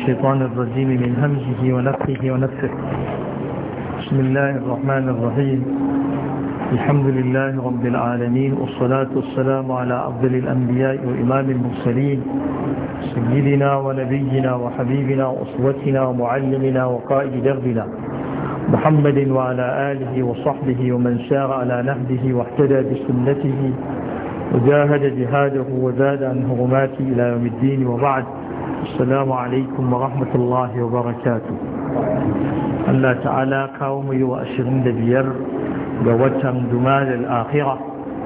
الشيطان الرجيم من همزه ونفخه ونفخه بسم الله الرحمن الرحيم الحمد لله رب العالمين والصلاة والسلام على أفضل الأنبياء وإمام المرسلين سيدنا ونبينا وحبيبنا وأسوتنا ومعلمنا وقائد دربنا محمد وعلى آله وصحبه ومن سار على نهده واحتدى بسنته وجاهد جهاده وزاد عن هرماته إلى يوم الدين وبعد السلام عليكم ورحمة الله وبركاته الله تعالى كومي وأشرين دبير جوتا دمال الآخرة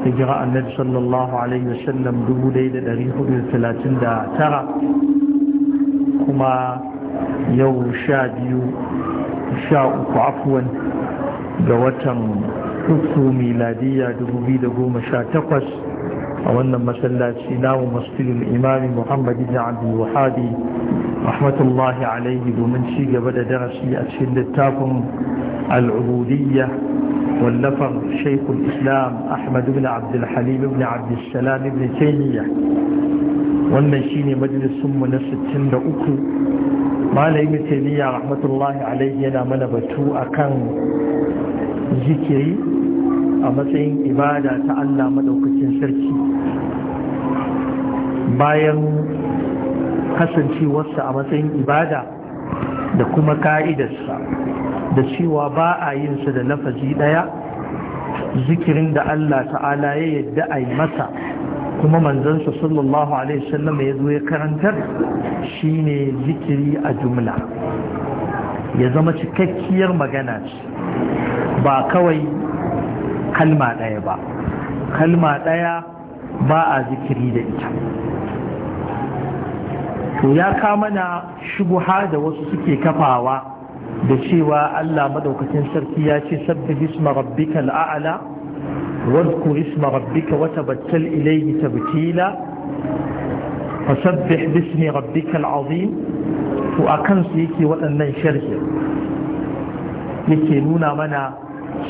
تجرى النبي صلى الله عليه وسلم دبو ليلة دريه الثلاثين دا ترى كما يو شاديو شاء عفوا جوتا حكو ميلادية دبو بيد قوم شاتقس a wannan masallaci namu masjidul imami muhammad ibn abdul wahabi rahmatullahi alaihi domin ci gaba da darasi a cikin littafin al'ubudiyya wallafar shaikul islam ahmad ibn abdul ibn abdul ibn taymiya wannan shine majalisunmu na 63 malami taymiya rahmatullahi alaihi yana mana batu akan zikiri a matsayin ibada ta Allah madaukakin sarki bayan kasancewarsa a matsayin ibada da kuma ka'idarsa da cewa ba a yin su da lafazi ɗaya zikirin da Allah ta'ala ya yadda a yi masa kuma manzansa sallallahu alaihi wasallam ya zo ya karantar ne zikiri a jumla ya zama cikakkiyar magana ce ba kawai kalma ɗaya ba kalma ɗaya ba a zikiri da ita to ya kama na shubuha da wasu suke kafawa da cewa Allah madaukakin sarki ya ce sabbi bisma rabbika al'ala wadkur isma rabbika wa tabattal ilayhi tabtila fasabbih bismi rabbika al'azim to akan su yake waɗannan sharhi yake nuna mana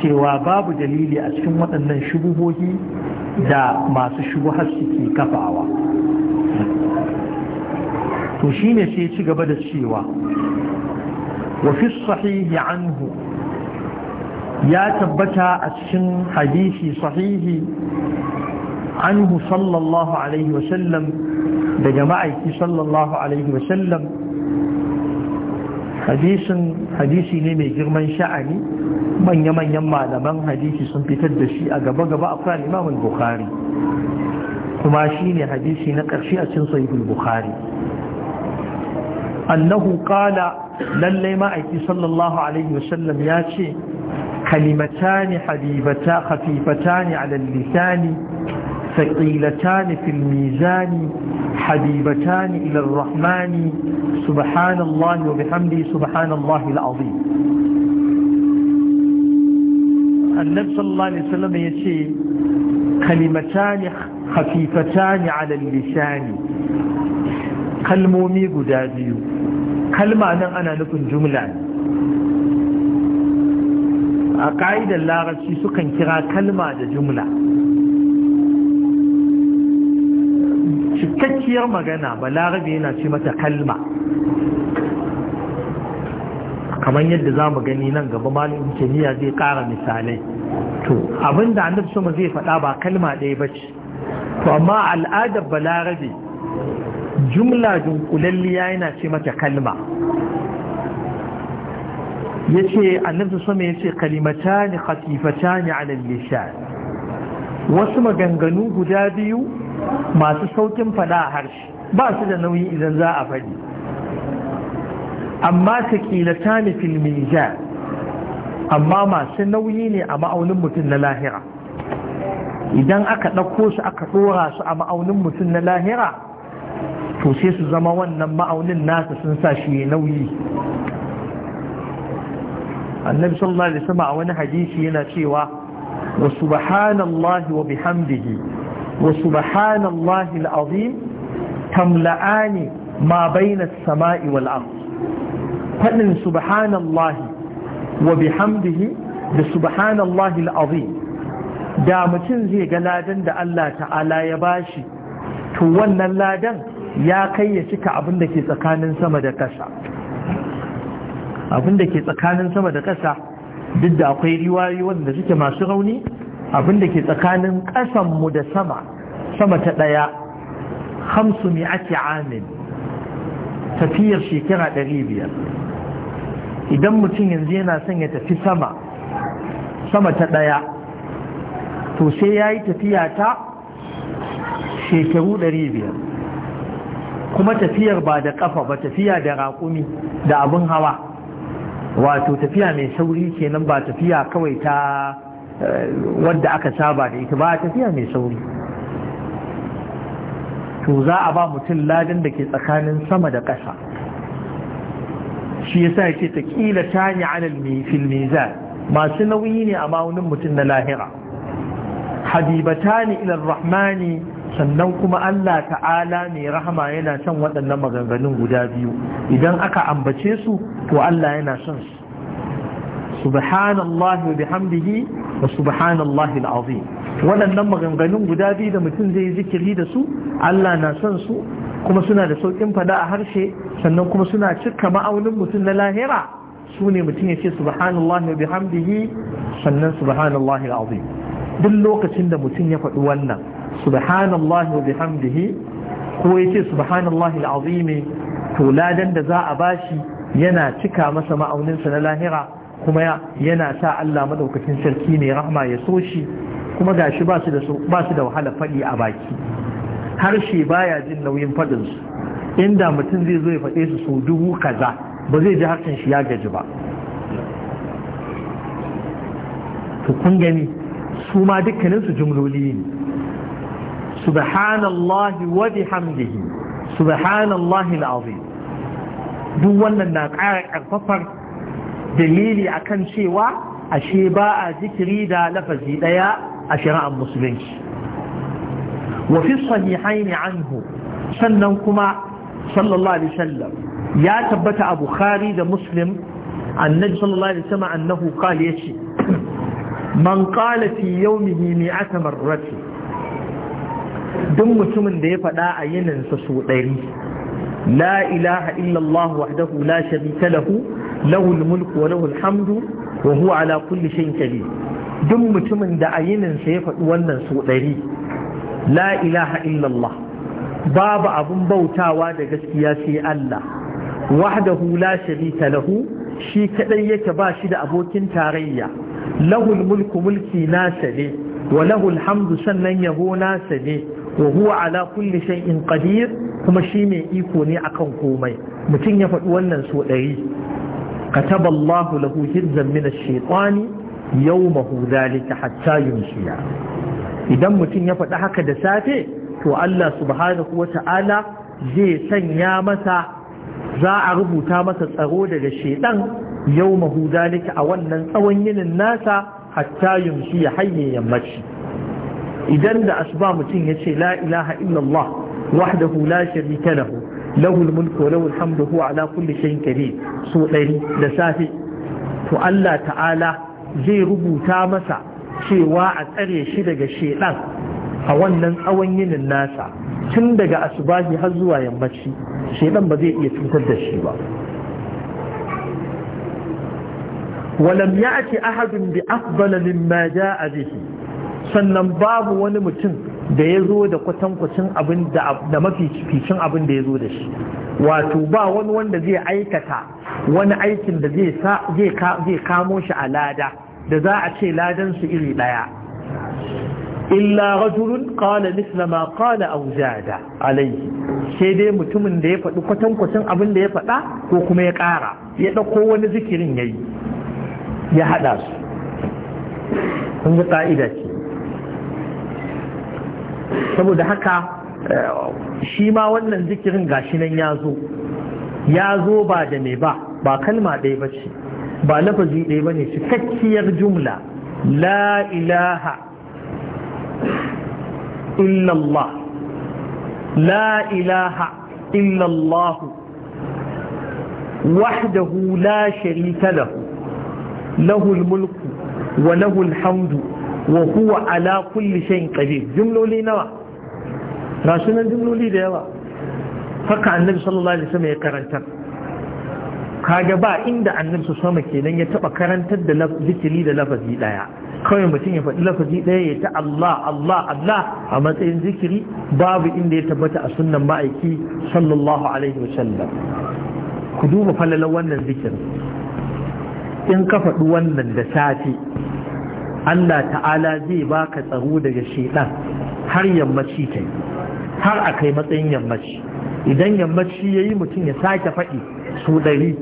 cewa babu dalili a cikin waɗannan shubuhohi da masu shubuhar suke kafawa to shine sai ci gaba da cewa wa sahihi anhu ya tabbata a cikin hadisi sahihi anhu sallallahu alaihi wasallam daga ma'aiki sallallahu alaihi wasallam hadisin hadisi ne mai girman sha'ani manya-manyan malaman hadisi sun fitar da shi a gaba-gaba a kan imamun bukari. kuma shi ne hadisi na ƙarshe a cin sahihul bukari. annahu qala lalle صلى الله عليه وسلم يا ce كلمتان habibata خفيفتان على اللسان ثقيلتان في الميزان حبيبتان إلى الرحمن سبحان الله وبحمده سبحان الله العظيم النبي صلى الله عليه وسلم يشي كلمتان خفيفتان على اللسان kalmomi guda biyu kalma nan ana nufin jumla a ka'idar larabci sukan kira kalma da jumla cikakkiyar magana ba larabi yana ce mata kalma kamar yadda za mu gani nan gaba malin kimiyya zai kara misalai to abinda annabi sama zai faɗa ba kalma ɗaya ba ce to amma al'adar balarabe jumla dunkulalliya yana ce mata kalma ya ce annabta sama ya ce kalimata ne khatifata ne alalisha wasu maganganu guda biyu masu saukin fada a harshe ba su da nauyi idan za a faɗi amma ta kilata ne jar. amma masu nauyi ne a ma'aunin mutum na lahira idan aka ɗauko su aka ɗora su a ma'aunin mutum na lahira to sai su zama wannan ma'aunin nasa sun sa shi nauyi annabi sallallahu alaihi wasallam a wani hadisi yana cewa wa subhanallahi wa bihamdihi wa subhanallahi alazim tamla'ani ma baina as-sama'i wal ard fadin subhanallahi wa bihamdihi da subhanallahi alazim da mutum zai ga ladan da Allah ta'ala ya bashi to wannan ladan ya kai ya cika abin da ke tsakanin sama da ƙasa abin da ke tsakanin sama da ƙasa duk da akwai riwayoyi wanda suke masu rauni abin da ke tsakanin ƙasanmu da sama sama ta ɗaya hamsu mai ake amin tafiyar shekara ɗari biyar idan mutum yanzu yana son ya tafi sama sama ta ɗaya to sai ya yi tafiya ta shekaru ɗari biyar kuma tafiyar ba da ƙafa ba tafiya da raƙumi da abin hawa wato tafiya mai sauri kenan ba tafiya kawai ta eh, wadda aka saba da ita ba tafiya mai sauri to za a ba mutum ladin da ke tsakanin sama da ƙasa shi yasa yake ta kila tani alal fil mizan masu nauyi ne a ma'aunin mutum na lahira habibatani ila rahmani sannan kuma Allah ta'ala mai rahama yana son waɗannan maganganun guda biyu idan aka ambace su to Allah yana son su subhanallahi wa bihamdihi wa subhanallahi al'azim waɗannan maganganun guda biyu da mutum zai zikiri da su Allah na son su kuma suna da sauƙin fada a harshe sannan kuma suna cika ma'aunin mutum na lahira su ne mutum ya ce subhanallahi wa bihamdihi sannan subhanallahi al'azim duk lokacin da mutum ya faɗi wannan subhanallahi wa bihamdihi ko yace subhanallahi alazim to ladan da za a bashi yana cika masa ma'auninsa na lahira kuma yana sa Allah madaukakin sarki ne rahma ya so shi kuma gashi ba su da ba su da wahala fadi a baki harshe baya jin nauyin fadin su inda mutum zai zo ya fade su so dubu kaza ba zai ji harshen shi ya gaji ba to kun gani su ma dukkanin su jumloli ne subhanallahi wa bihamdihi subhanallahi alazim duk wannan na ƙara ƙarfafar dalili akan cewa ashe ba a zikiri da lafazi ɗaya a shari'ar musulunci Wafi fi sahihaini anhu sannan kuma sallallahu alaihi wasallam ya tabbata a bukhari da muslim annabi sallallahu alaihi wasallam annahu qala yace man qala fi yawmihi mi'ata duk mutumin da ya faɗa a yininsa su ɗari la ilaha illallah wahdahu la sharika lahu lahul mulku wa lahul hamdu wa huwa ala kulli shay'in qadir duk mutumin da a yininsa ya faɗi wannan su ɗari la ilaha illallah babu abun bautawa da gaskiya sai Allah wahdahu la sharika lahu shi kadai yake ba shi da abokin tarayya lahul mulku mulki nasa ne wa lahul hamdu sannan yabo nasa ne wa huwa ala kulli shay'in qadir kuma shi mai iko ne akan komai mutum ya faɗi wannan so ɗari kataba Allah lahu hizzan min ash-shaytani yawmahu hatta idan mutum ya faɗi haka da safe to Allah subhanahu ta'ala zai sanya masa za a rubuta masa tsaro daga shaidan yau dhalika a wannan tsawon yinin nasa hatta yumsiya hayyan yammaci idan da asuba mutum ya ce la ilaha illallah wahdahu la sharika lahu lahul mulku wa lahul hamdu huwa ala kulli shay'in qadir so ɗari da safe to Allah ta'ala zai rubuta masa cewa a tsare shi daga shedan a wannan tsawon yinin nasa tun daga asubahi har zuwa yammaci shedan ba zai iya cutar da shi ba ولم يأتي أحد بأفضل مما جاء به sannan babu wani mutum da ya zo da kwatankwacin abin da mafi ficin abin da ya zo da shi wato ba wani wanda zai aikata wani aikin da zai kamo shi a lada da za a ce ladan su iri daya illa rajulun qala misla ma qala aw zada alayhi sai dai mutumin da ya faɗi kwatankwacin abin da ya faɗa ko kuma ya ƙara ya ɗauko wani zikirin yayi ya haɗa su kun ga ƙa'ida saboda haka eh, shi ma wannan zikirin gashi nan ya zo ya zo ba da me ba ba kalma ɗaya ba ce ba lafazi ɗaya ba ne cikakkiyar jumla la ilaha illallah la ilaha illallah wahdahu la sharika lahu lahu mulku wa lahu hamdu wa huwa ala kulli shay'in qadir jumloli nawa gashi nan jumloli da yawa haka annabi sallallahu alaihi wasallam ya karanta kaga ba inda annabi sama kenan ya taba karantar da zikiri da lafazi daya kawai mutum ya faɗi lafazi daya ya ta Allah Allah Allah a matsayin zikiri babu inda ya tabbata a sunnan ma'aiki sallallahu alaihi wasallam ku duba falalar wannan zikirin in ka faɗi wannan da safe Allah ta'ala zai baka tsaro daga shedan har yammaci kai har a kai matsayin yammaci idan yammaci ya yi mutum ya sake faɗi su ɗari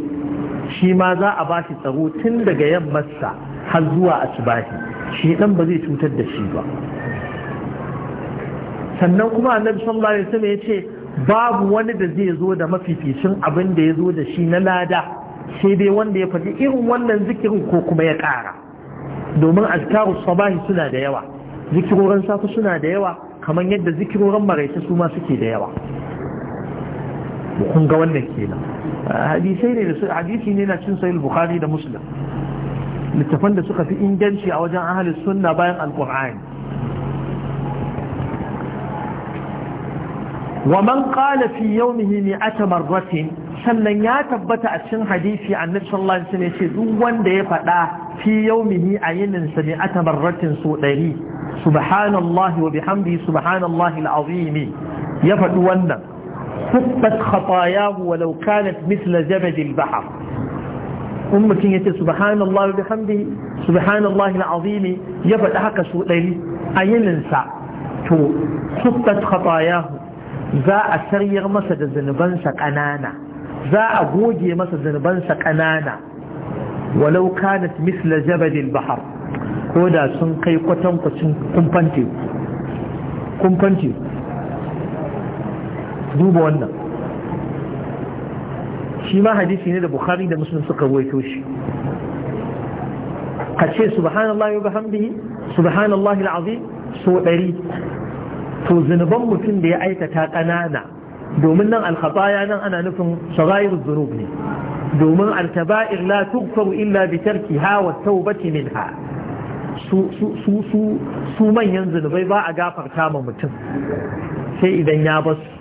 shi ma za a ba shi tsaro tun daga yammarsa har zuwa asibahi shi ɗan ba zai cutar da shi ba sannan kuma annabi sallallahu alaihi wasallam ya ce babu wani da zai zo da mafificin abin da ya zo da shi na lada sai dai wanda ya faɗi irin wannan zikirin ko kuma ya ƙara domin azkarus sabahi suna da yawa zikirorin safe suna da yawa kamar yadda zikirorin maraice su ma suke da yawa kun ga wannan kenan hadisai ne da hadisi ne na cin sahih bukhari da muslim littafan da suka fi inganci a wajen ahalus sunna bayan alkur'ani wa man qala fi yawmihi mi'ata marratin sannan ya tabbata a cikin hadisi annabi sallallahu alaihi wasallam yace duk wanda ya fada fi yawmihi a yinin sa bi atabarratin su ɗari subhanallahi wa bihamdihi subhanallahi alazim ya faɗi wannan kubbat khatayahu walau kanat mithla zabad albahr in mutum yace subhanallahi wa bihamdihi subhanallahi alazim ya faɗi haka su ɗari a yinin sa to kubbat khatayahu za a saryar masa da zunubansa ƙanana za a goge masa zunubansa ƙanana walau kanat misla jabadil bahar ko da sun kai kwatankwacin kumfan teku kumfan teku duba wannan shi ma hadisi ne da bukhari da muslim suka waito shi ka ce subhanallah wa bihamdihi subhanallah alazim so ɗari to zunuban mutum da ya aikata ƙanana domin nan alkhataya nan ana nufin shagayir zunub ne domin alkaba'ir la tughfaru illa bi tarkiha wa tawbati minha su su manyan zunubai ba a gafarta ma mutum sai idan ya basu